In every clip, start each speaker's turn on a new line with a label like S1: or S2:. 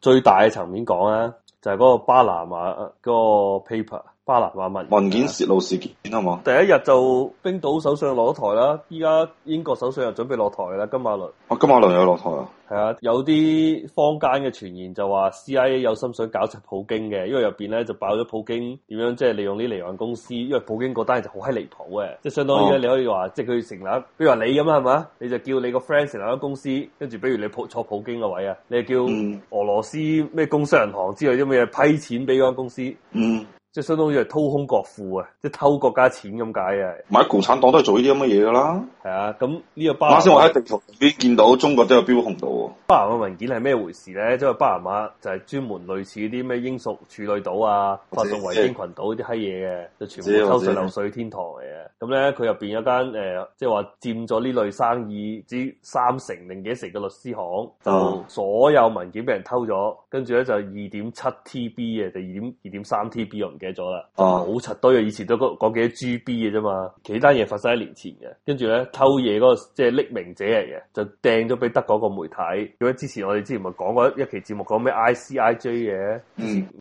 S1: 最大嘅層面講啊，就係嗰個巴拿馬嗰個 paper。巴拿馬文文件泄露事件，好冇？第一日就冰島首相落咗台啦，依家英國首相又準備落台啦，金馬倫。哦、啊，
S2: 金馬倫又落台啦。
S1: 係啊，有啲坊間嘅傳言就話 CIA 有心想搞柒普京嘅，因為入邊咧就爆咗普京點樣，即係利用呢離岸公司。因為普京嗰單嘢就好閪離譜嘅，即係相當於你可以話，嗯、即係佢成立，比如話你咁啊，係嘛？你就叫你個 friend 成立一個公司，跟住比如你普坐普京嘅位啊，你就叫俄羅斯咩工商銀行之類啲咩嘢批錢俾嗰間公司。即係相當於係掏空國庫啊，即係偷國家錢咁解啊！咪共產黨都係做呢啲咁嘅嘢噶啦，係啊。咁呢個巴，啱先我喺地
S2: 圖邊見到中國都有標紅到。
S1: 巴拿馬嘅文件係咩回事咧？即係巴拿馬就係專門類似啲咩英屬處女島啊、法屬維京群島啲閪嘢嘅，就全部偷稅漏稅天堂嚟嘅。咁咧佢入邊有間誒，即係話佔咗呢類生意之三成零幾成嘅律師行，嗯、就所有文件俾人偷咗，跟住咧就二點七 T B 嘅就二點二點三 T B。記咗啦，好柒多嘅，以前都講幾多 G B 嘅啫嘛。其他嘢發生一年前嘅，跟住咧偷嘢嗰個即係匿名者嚟嘅，就掟咗俾德國嗰個媒體。如果之前我哋之前咪講過一期節目，講咩 ICIJ 嘅，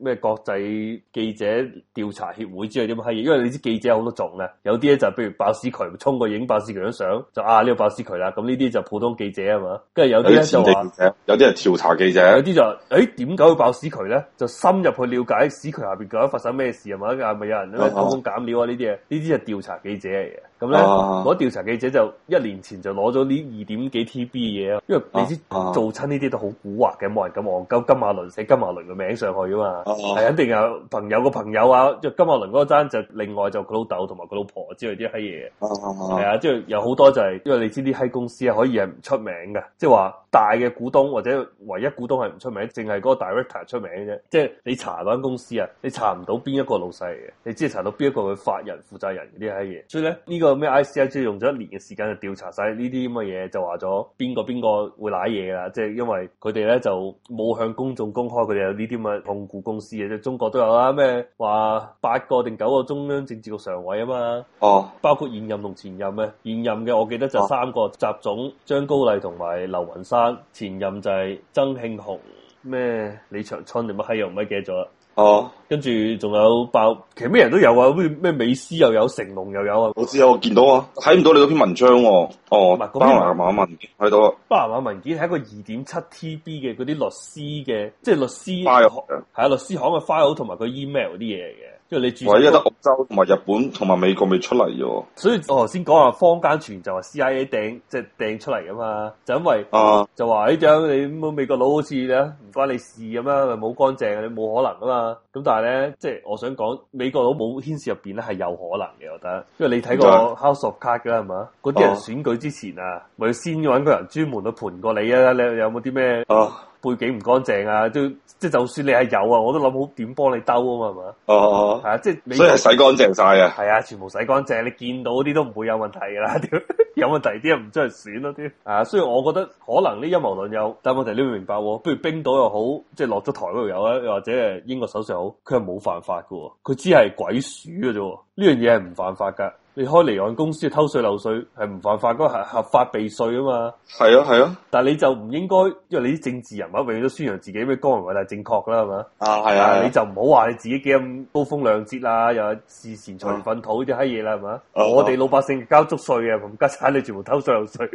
S1: 咩國際記者調查協會之類啲咁閪嘢。因為你知記者好多種嘅，有啲咧就譬如爆屎渠，衝個影爆屎渠相，就啊呢個爆屎渠啦。咁呢啲就普通記者係嘛。跟住有啲咧就話，
S2: 有啲係調查記者，有啲
S1: 就誒點解會爆屎渠咧？就深入去了解屎渠下邊究竟發生咩？事啊，某一係咪有人因為偷工減料啊，呢啲嘢，呢啲係調查記者嚟嘅。咁咧，我、uh, 調查記者就一年前就攞咗呢二點幾 T B 嘅嘢咯，因為你知 uh, uh, 做親呢啲都好古惑嘅，冇人咁戇鳩，金馬倫寫金馬倫嘅名上去啊嘛，係肯定有朋友嘅朋友啊，即金馬倫嗰陣就另外就佢老豆同埋佢老婆之類啲閪嘢，係啊，即係有好多就係、是、因為你知啲閪公司啊，可以係唔出名嘅，即係話大嘅股東或者唯一股東係唔出名，淨係嗰個 director 出名嘅啫，即、就、係、是、你查嗰間公司啊，你查唔到邊一個老細嘅，你只係查到邊一個嘅法人負責人嗰啲閪嘢，所以咧呢、這個。有咩 ICIG 用咗一年嘅時間去調查晒呢啲咁嘅嘢，就話咗邊個邊個會賴嘢啦？即係因為佢哋咧就冇向公眾公開佢哋有呢啲咁嘅控股公司嘅，即中國都有啦。咩話八個定九個中央政治局常委啊嘛？哦，oh. 包括現任同前任咧，現任嘅我記得就三個習、oh. 總張高麗同埋劉雲山，前任就係曾慶紅。咩李長春你乜閪又唔係記得咗啦？哦。Oh. 跟住仲有爆，其實咩人都有啊，咩咩美斯又有，成龍又有啊。我知啊，我
S2: 見到啊，睇唔到你嗰篇文章喎、哦。哦，唔係，巴拿馬文件睇到
S1: 啦。巴拿馬文件係一個二點七 TB 嘅嗰啲律師嘅，即係律師、啊、律師行，係啊律師行嘅 file 同埋佢 email 啲嘢嘅。因為你住我依家得
S2: 澳洲同埋日本同埋美國未出嚟啫、
S1: 哦。所以我頭先講話坊間傳就話 CIA 掟即係掟出嚟啊嘛，就因為、啊、就話誒張你美國佬好似咧唔關你事咁啊，咪冇乾淨啊，你冇可能啊嘛。咁但係咧，即係我想講，美國佬冇牽涉入邊咧，係有可能嘅，我覺得。因為你睇過 House of Cards 噶啦，係嘛？嗰啲人選舉之前啊，咪、oh. 先揾個人專門去盤過你啊！你有冇啲咩？Oh. 背景唔乾淨啊，都即係就算你係有啊，我都諗好點幫你兜啊嘛，係嘛？哦、uh，係、huh. 啊，即係你以係洗乾淨晒啊，係啊，全部洗乾淨，你見到嗰啲都唔會有問題噶啦， 有問題啲人唔出嚟選咯，啲啊，雖、啊、然我覺得可能呢陰謀論有，但係問題你會明白喎、啊，比如冰島又好，即係落咗台嗰度有咧，或者英國首相好，佢係冇犯法噶，佢只係鬼鼠嘅啫，呢樣嘢係唔犯法噶。你開離岸公司偷稅漏稅係唔犯法，嗰個係合法避稅啊嘛。係啊係啊，但係你就唔應該，因為你啲政治人物永遠都宣揚自己咩光榮偉大正確啦，係嘛。啊係啊，你就唔好話你自己幾咁高風亮節啦，又有視錢財如糞土啲閪嘢啦，係嘛。我哋老百姓交足稅嘅，咁家產你全部偷稅漏稅。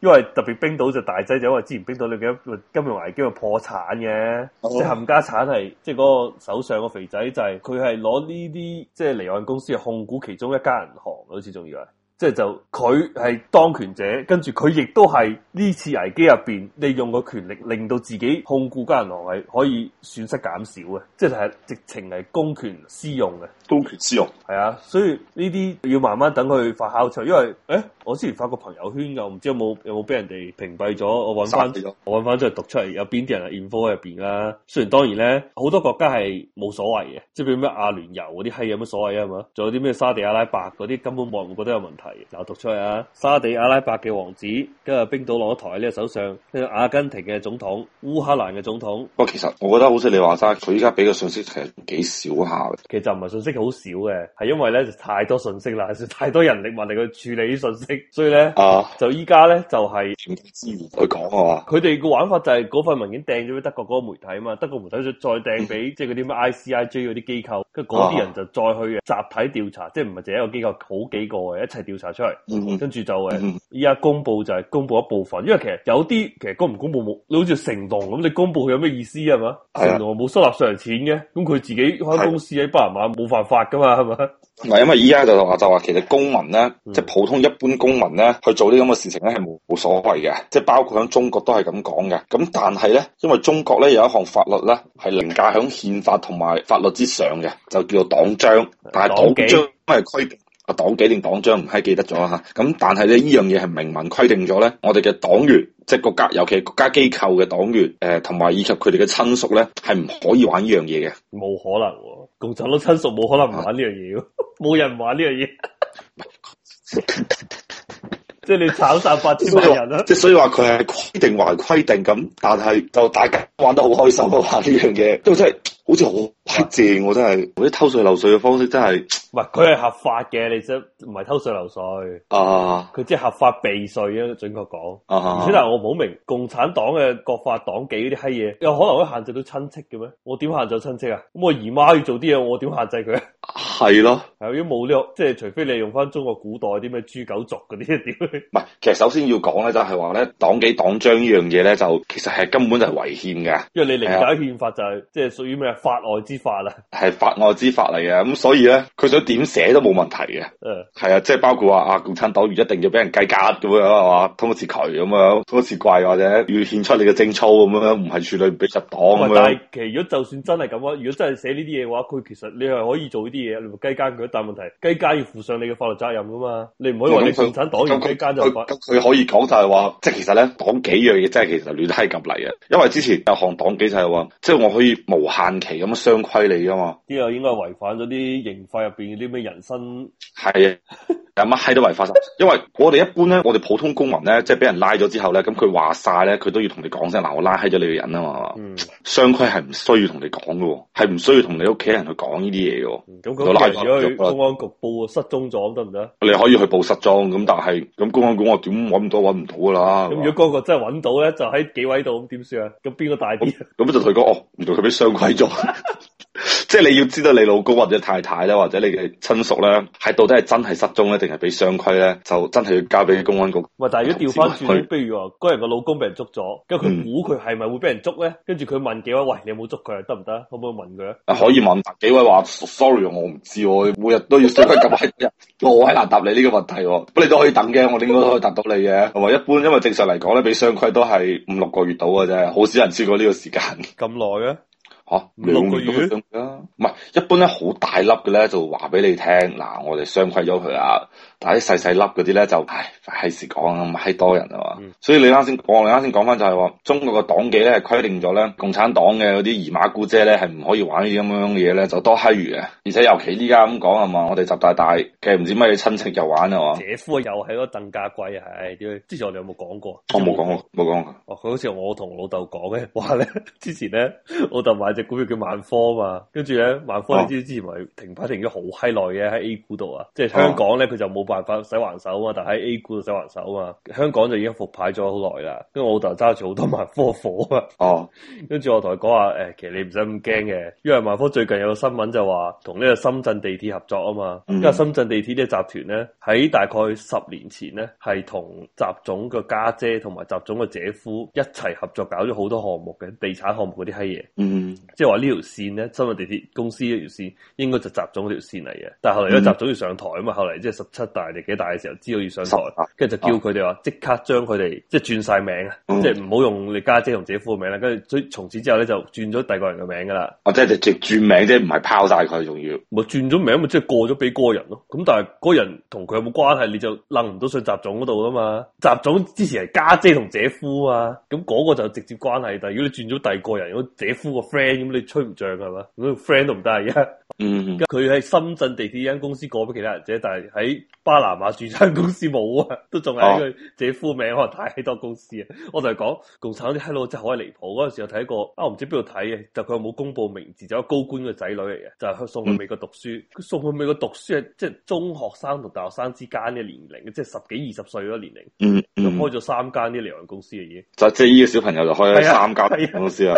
S1: 因為特別冰島就大劑，就因為之前冰島嘅金融危機破產嘅，即係冚家鏟係，即係嗰個手上個肥仔就係佢係攞呢啲即係離岸公司控股其中一間銀行，好似仲要啊。即係就佢係當權者，跟住佢亦都係呢次危機入邊利用個權力，令到自己控股間銀行係可以損失減少嘅，即係係直情係公權私用嘅。公權私用係啊，所以呢啲要慢慢等佢發酵出嚟，因為誒、欸，我之前發個朋友圈噶，唔知有冇有冇俾人哋屏蔽咗？我揾翻，我揾出嚟讀出嚟，有邊啲人係染科入邊啦？雖然當然咧，好多國家係冇所謂嘅，即係譬如咩阿聯酋嗰啲係有乜所謂啊？係嘛，仲有啲咩沙地阿拉伯嗰啲根本冇人會覺得有問題。有讀出嚟啊！沙地阿拉伯嘅王子，跟住冰島攞台呢個首相，跟、這、住、個、阿根廷嘅總統、烏克蘭嘅總統。
S2: 不過其實我覺得好似你話齋，佢依家俾嘅信息其實幾少下
S1: 嘅。其實唔係信息好少嘅，係因為咧太多信息啦，太多人力物力去處理信息，所以咧啊，就依家咧就係資源去講啊嘛。佢哋個玩法就係、是、嗰份文件掟咗俾德國嗰個媒體啊嘛，德國媒體再掟俾、嗯、即係嗰啲咩 ICIJ 嗰啲機構。嗰啲人就再去集體調查，啊、即係唔係淨係一個機構，好幾個嘅一齊調查出嚟，跟住、嗯、就誒依家公佈就係公佈一部分，因為其實有啲其實公唔公佈冇，你好似成龍咁，你公佈佢有咩意思係嘛？成龍冇收納上嚟錢嘅，咁佢自己開公司喺巴拿馬冇犯法噶嘛係咪？唔，因為依
S2: 家就話就話其實公民咧，嗯、即係普通一般公民咧去做啲咁嘅事情咧係冇冇所謂嘅，即係包括喺中國都係咁講嘅。咁但係咧，因為中國咧有一項法律咧係凌駕喺憲法同埋法律之上嘅。就叫做黨章，但係黨 章係規，啊黨紀定黨章唔係記得咗吓。咁但係咧呢樣嘢係明文規定咗咧，我哋嘅黨員，即、就、係、是、國家，尤其國家機構嘅黨員，誒、呃，同埋以及佢哋嘅親屬咧，係唔可以玩呢樣嘢嘅。
S1: 冇可能、喔，共產黨親屬冇可能唔玩呢樣嘢嘅，冇、啊、人玩呢樣嘢。 即係你炒散八千萬人啦、
S2: 啊！ 即係所以話佢係規定還規定咁，但係就大家玩得好開心啊！呢樣嘢都真係。好似好正，我真係嗰啲偷稅漏稅嘅方式真係，
S1: 唔係佢係合法嘅，你即唔係偷稅漏稅啊？佢即係合法避稅啊！準確講，而且但係、啊、我唔好明共產黨嘅國法黨紀嗰啲閪嘢，有可能會限制到親戚嘅咩？我點限制親戚啊？咁我姨媽要做啲嘢，我點限制佢、啊？係咯，係如果冇呢、這個，即係除非你用翻中國古代啲咩豬狗族嗰啲，點？唔
S2: 係，其實首先要講咧，就係話咧黨紀黨章呢樣嘢咧，就其實係根本就係違憲噶。因為你理解憲
S1: 法就係即係屬於咩法外之法啦、
S2: 啊，係法外之法嚟嘅。咁所以咧，佢想點寫都冇問題嘅。嗯的，係啊，即係包括話啊共產黨員一定要俾人計價咁樣係嘛，通一次渠咁樣，通一次櫃或者要獻出你嘅貞操咁樣，唔係絕對唔俾入黨咁但係是，但是其
S1: 實如果就算真係咁樣，如果真係寫呢啲嘢嘅話，佢其實你係可以做啲。啲嘢，你計間佢一但問題，計奸要負上你嘅法律責任噶嘛？你唔可以話你共產黨員計奸就發，佢
S2: 可以講就係、是、話，即係其實咧黨紀樣嘢，即係其實亂閪咁嚟啊！因為之前有項黨紀就係話，即、就、係、是、我可以無限期咁雙規你噶嘛？
S1: 呢個應該違反咗啲刑法入邊啲咩人身
S2: 係啊。是的 但乜閪都違法，因為我哋一般咧，我哋普通公民咧，即係俾人拉咗之後咧，咁佢話晒咧，佢都要同你講聲嗱，我拉黑咗你個人啊嘛，雙規係唔需要同你講噶，係唔需要同你屋企人去講呢啲嘢噶，就拉住去公
S1: 安局報失蹤咗得唔得？行行
S2: 你可以去報失蹤咁，但係咁公安局我點揾唔到，揾唔到噶啦。咁、嗯啊、
S1: 如果公安真係揾到咧，就喺紀委度點算啊？咁邊個大啲？
S2: 咁就同佢講哦，原來佢俾雙規咗。即係你要知道你老公或者太太咧，或者你嘅親屬咧，係到底係真係失蹤咧，定係俾雙規咧？就真係要交俾公安局。
S1: 喂，但係如果調翻轉，譬如話嗰人嘅老公俾人捉咗，跟住佢估佢係咪會俾人捉咧？跟住佢問幾位，喂，你有冇捉佢啊？得唔得？可唔可以問佢啊？可以問。
S2: 幾位話，sorry，我唔知，我每日都要追得咁閪，我喺難答你呢個問題。咁你都可以等嘅，我哋應該都可以答到你嘅。同埋一般，因為正常嚟講咧，俾雙規都係五六個月到嘅啫，好少人超過呢個時間。咁耐啊！吓，兩面都得啦，唔係， 一般咧好大粒嘅咧就話俾你聽，嗱，我哋雙規咗佢啊。啲細細粒嗰啲咧就唉費事講咁閪多人啊嘛，嗯、所以你啱先我你啱先講翻就係話中國嘅黨紀咧規定咗咧共產黨嘅嗰啲姨媽姑姐咧係唔可以玩呢啲咁樣嘅嘢咧就多閪餘啊。而且尤其依家咁講啊嘛，我哋習大大其實唔知乜嘢親戚又玩啊嘛，姐
S1: 夫又係啊，喺個鄧家貴係、哎，之前我哋有冇講過？我冇講
S2: 過，冇講過。
S1: 哦，佢好似我同老豆講嘅，話咧之前咧老豆買隻股票叫萬科啊嘛，跟住咧萬科你知之前咪停牌停咗好閪耐嘅喺 A 股度啊，即係香港咧佢就冇辦。嗯嗯辦法洗還手啊！但係喺 A 股洗還手啊！香港就已經復牌咗好耐啦。跟住我老豆揸住好多萬科貨啊！哦，跟住我同佢講話：，誒、哎，其實你唔使咁驚嘅，因為萬科最近有個新聞就話同呢個深圳地鐵合作啊嘛。因為、嗯、深圳地鐵呢個集團咧，喺大概十年前咧係同習總嘅家姐同埋習總嘅姐夫一齊合作搞咗好多項目嘅地產項目嗰啲閪嘢。嗯，即係話呢條線咧，深圳地鐵公司呢條線應該就習總嗰條線嚟嘅。但係後嚟因為習總要上台啊嘛，後嚟即係十七。大你幾大嘅時候，知道要上台，跟住、啊、就叫佢哋話，啊、即刻將佢哋即係轉晒名，即係唔好用你家姐同姐、姐夫嘅名啦。跟住、嗯，所以從此之後咧就轉咗第二個人嘅名噶啦。
S2: 哦、啊，即係直轉名啫，唔係拋晒佢，仲要。
S1: 咪轉咗名咪即係過咗俾嗰個人咯。咁但係嗰人同佢有冇關係，你就掕唔到上習總嗰度噶嘛？習總之前係家姐同姐、姐夫啊，咁嗰個就直接關係。但係如果你轉咗第二個人，如果姐夫個 friend 咁，你吹唔漲係嘛？friend 咁都唔得啊。那個、嗯，咁佢喺深圳地鐵呢間公司過俾其他人啫，但係喺。巴拿馬註冊公司冇啊，都仲係喺佢自己名，啊、可能太多公司啊！ 我就係講共產黨啲閪佬真係好離譜。嗰陣時我睇過，啊唔知邊度睇嘅，就佢有冇公布名字，就有高官嘅仔女嚟嘅，就係、是、去送去美國讀書。佢、嗯、送去美國讀書係即係中學生同大學生之間嘅年齡，即、就、係、是、十幾二十歲咯年齡、嗯。嗯嗯。就開咗三間啲離岸公司嘅已經。
S2: 就即係呢個小朋友就開咗三間公司啊！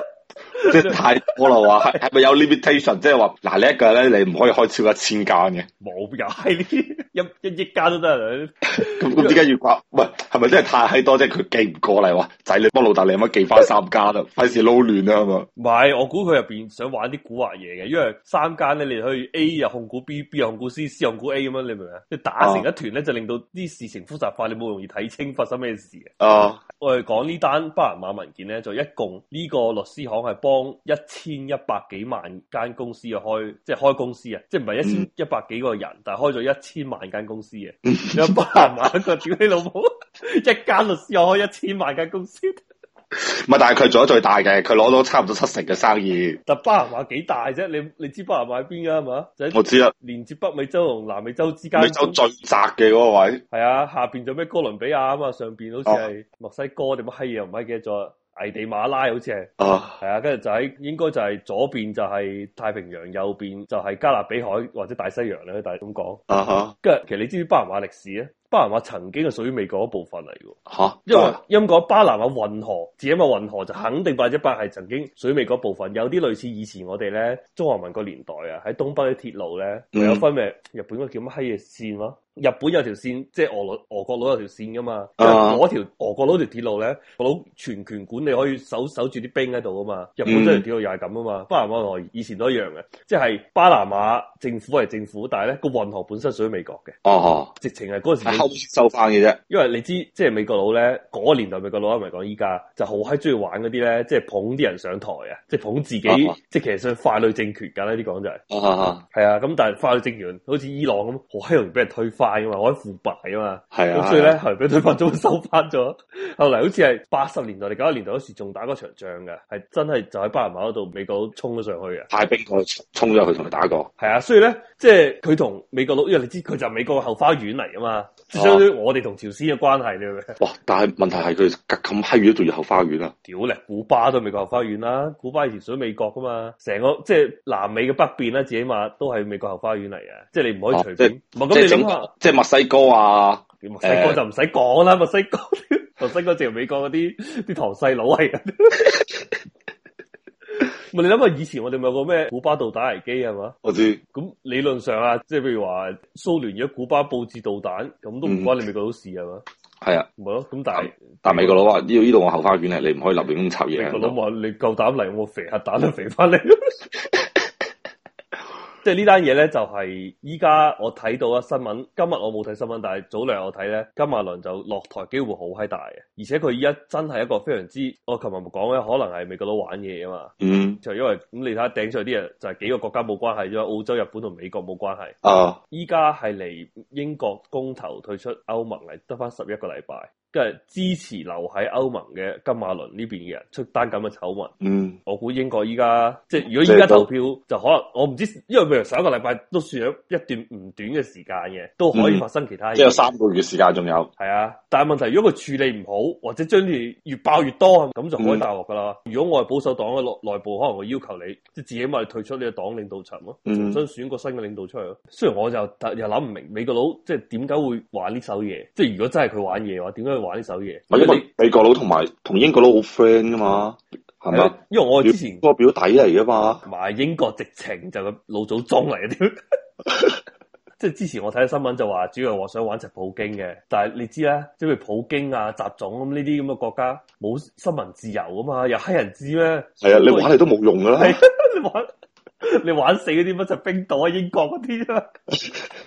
S2: 即係太我話係係咪有 limitation？即係話嗱，呢一個咧你唔可以開超過一千間嘅。冇
S1: 解。 一一億家都得，咁咁
S2: 點解要掛？唔係，係咪真係太閪多？啫？佢寄唔過嚟喎，仔你幫老大你有乜寄翻三家啦？費事撈亂啊嘛！
S1: 唔係，我估佢入邊想玩啲古惑嘢嘅，因為三間咧，你可以 A 入控股 B，B 入控股 C，C C 控股 A 咁樣，你明唔明？啊？你打成一團咧，啊、就令到啲事情複雜化，你冇容易睇清發生咩事啊！我哋講呢單巴拿馬文件咧，就是、一共呢、這個律師行係幫一千一百幾萬間公司啊開，即、就、係、是、開公司啊，即係唔係一千一百幾個人，嗯、但係開咗一千萬。間公司嘅，有巴拿馬個，屌你老母！一間律師又開一千萬間公司，
S2: 唔係，但係佢做咗最大嘅，佢攞到差唔多七成嘅生意。
S1: 但係巴拿馬幾大啫？你你知巴拿馬喺邊噶係嘛？我知啦， 連接北美洲同南美洲之間，美洲最
S2: 窄嘅嗰個位。
S1: 係 啊，下邊就咩哥倫比亞啊嘛，上邊好似係墨西哥定乜閪嘢，唔係記得咗。危地馬拉好似係啊，係啊，跟住、uh, 就喺、是、應該就係左邊就係太平洋，右邊就係加勒比海或者大西洋咧。大咁講啊，嚇、uh，跟、huh. 住其實你知唔知巴拿馬歷史咧？巴拿馬曾經係屬於美國一部分嚟
S2: 嘅嚇，因
S1: 為因為巴拿馬運河自己嘅運河就肯定八一八係曾經美國嗰部分，有啲類似以前我哋咧中華民國年代啊喺東北啲鐵路咧，仲有分咩日本嗰叫乜閪嘢線咯？嗯嗯日本有條線，即係俄羅俄國佬有條線噶嘛？即、uh, 俄國佬條鐵路咧，佬全權管理可以守守住啲兵喺度噶嘛？日本嗰條鐵路又係咁啊嘛？嗯、巴拿馬同以前都一樣嘅，即係巴拿馬政府係政府，但係咧個運河本身屬於美國嘅。哦、uh，huh, 直情係嗰陣時偷收翻嘅啫。因為你知，即係美國佬咧嗰、那個、年代，美國佬唔係講依家，就好閪中意玩嗰啲咧，即係捧啲人上台啊，即係捧自己，uh huh. 即係其實係傀儡政權㗎呢啲講就係。啊啊係啊，咁但係傀儡政權，好似伊朗咁，好閪容易俾人推翻。因為我敗嘛，可、啊、以腐敗啊嘛，係啊，所以咧係俾對方中收翻咗。後嚟好似係八十年代九十年代嗰時仲打過場仗嘅，係真係就喺巴拿馬嗰度，美國衝咗上去啊，
S2: 派兵過去衝咗去同佢打過，
S1: 係啊，所以咧即係佢同美國佬，因為你知佢就美國後花園嚟噶嘛。相當於我哋同朝鮮嘅關係，你明唔明
S2: 哇！但係問題係佢咁閪遠都仲要後花園啦。
S1: 屌咧，古巴都係美國後花園啦。古巴以前屬於美國噶嘛？成個即係南美嘅北邊啦，至起碼都係美國後花園嚟嘅。即係你唔可以隨便。唔係咁你諗下，
S2: 即係墨西哥啊，墨西哥就唔
S1: 使講啦。墨、呃、西哥，墨西哥就美國嗰啲啲堂細佬嚟。 你諗下，以前我哋咪有個咩古巴導彈危機係嘛？我知。咁理論上啊，即係譬如話蘇聯如果古巴布置導彈，咁都唔關你美國佬事係嘛？係、嗯、啊。唔係咯，咁但係
S2: 但美國佬話呢，呢度我後花園啊，你唔可以立亂咁插嘢。美國佬
S1: 話你夠膽嚟，我肥核彈都肥翻你。 即係呢單嘢咧，就係依家我睇到啊新聞。今日我冇睇新聞，但係早兩日我睇咧，金馬倫就落台機會好閪大嘅。而且佢依家真係一個非常之，我琴日唔講咧，可能係美國佬玩嘢啊嘛。嗯，就因為咁，你睇下頂上啲人就係幾個國家冇關係，因為澳洲、日本同美國冇關係。啊、嗯，依家係嚟英國公投退出歐盟嚟得翻十一個禮拜。即係支持留喺歐盟嘅金馬倫呢邊嘅人出單咁嘅醜聞，嗯，我估英國依家即係如果依家投票可就可能我唔知，因為譬如上一個禮拜都算咗一段唔短嘅時間嘅，都可以發生其他嘢，即有三
S2: 個月時間仲有，
S1: 係啊，但係問題如果佢處理唔好，或者將啲越爆越多咁就可以大鑊㗎啦。嗯、如果我係保守黨嘅內部，可能會要求你即係自己咪退出呢個黨領導層咯，重、嗯、新選個新嘅領導出嚟咯。嗯、雖然我就又諗唔明美國佬即係點解會玩呢手嘢，即、就、係、是、如果真係佢玩嘢嘅話，點解？玩呢首嘢，因為美國佬
S2: 同埋同英國佬好 friend 噶嘛，係咪？因為我
S1: 之前嗰個表弟嚟噶嘛，埋英國直情就老祖宗嚟嘅，即 係之前我睇新聞就話主要話想玩柒普京嘅，但係你知啦，即係普京啊、雜種咁呢啲咁嘅國家冇新聞自由噶嘛，又黑人知咩？係啊的，你玩嚟都冇用噶啦，你玩你， 你玩死嗰啲乜柒冰島、啊、英國嗰啲啦。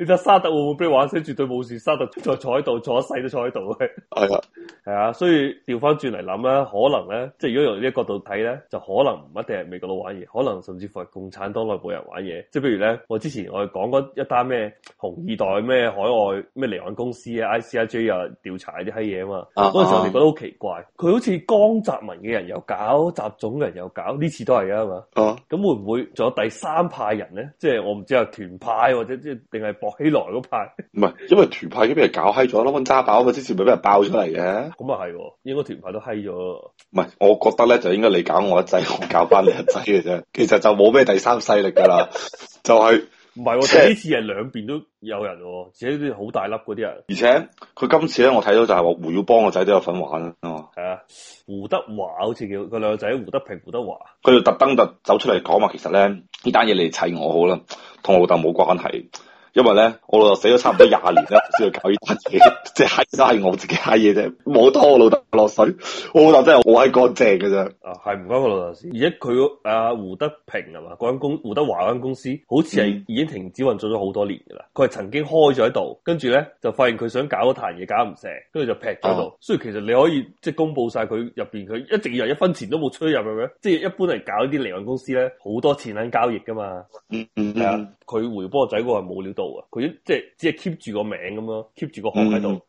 S1: 你睇沙特會唔會俾玩死？絕對冇事。沙特再坐喺度，坐一世都坐喺度嘅。係啊事沒 Brothers，係啊 achi，所以調翻轉嚟諗咧，可能咧，即係如果用呢個角度睇咧，就可能唔一定係美國佬玩嘢，可能甚至乎係共產黨內部人玩嘢。即係譬如咧，我之前我哋講嗰一單咩紅二代咩海外咩離岸公司啊 ICIG 啊調查啲閪嘢啊嘛。嗰陣時我哋覺得好奇怪，佢好似江澤民嘅人又搞，習總嘅人又搞，呢次都係啊嘛。哦，咁會唔會仲有第三派人咧？即係我唔知啊，團派或者即係定係起來嗰派，
S2: 唔 係，因為團派已經俾人搞嗨咗咯，溫渣爆咁啊！ 之前咪俾人爆出嚟嘅，
S1: 咁啊係，應該團派都嗨咗。
S2: 唔係，我覺得咧就應該你搞我一仔，我搞翻你一仔嘅啫。 其實就冇咩第三勢力噶啦，就係唔係？我係呢次
S1: 係兩邊都有人，而且啲好大粒嗰啲人。而
S2: 且佢今次咧，我睇到就係胡耀邦個仔都有份玩啊。
S1: 係啊，胡德華好似叫佢兩個仔，胡德平、胡德華。
S2: 佢就特登特走出嚟講話，其實咧呢單嘢你砌我好啦，同我老豆冇關係。因為咧，我老豆死咗差唔多廿年啦，先去搞呢單嘢，即係都係我自己下嘢啫，冇拖我老豆落水，我老豆真係好鬼乾淨嘅啫。
S1: 啊，係唔關我老豆事，而且佢阿、啊、胡德平係嘛嗰間公胡德華嗰間公司，好似係已經停止運作咗好多年噶啦。佢係曾經開咗喺度，跟住咧就發現佢想搞嗰壇嘢搞唔成，跟住就劈咗度。啊、所以其實你可以即係公布曬佢入邊，佢一直以為一分錢都冇出入去嘅咩？即係、就是、一般嚟，搞啲離岸公司咧，好多錢喺交易噶嘛。嗯嗯係啊。佢回波仔個係冇料到啊，佢即係只係 keep 住個名咁樣 keep 住個殼喺度。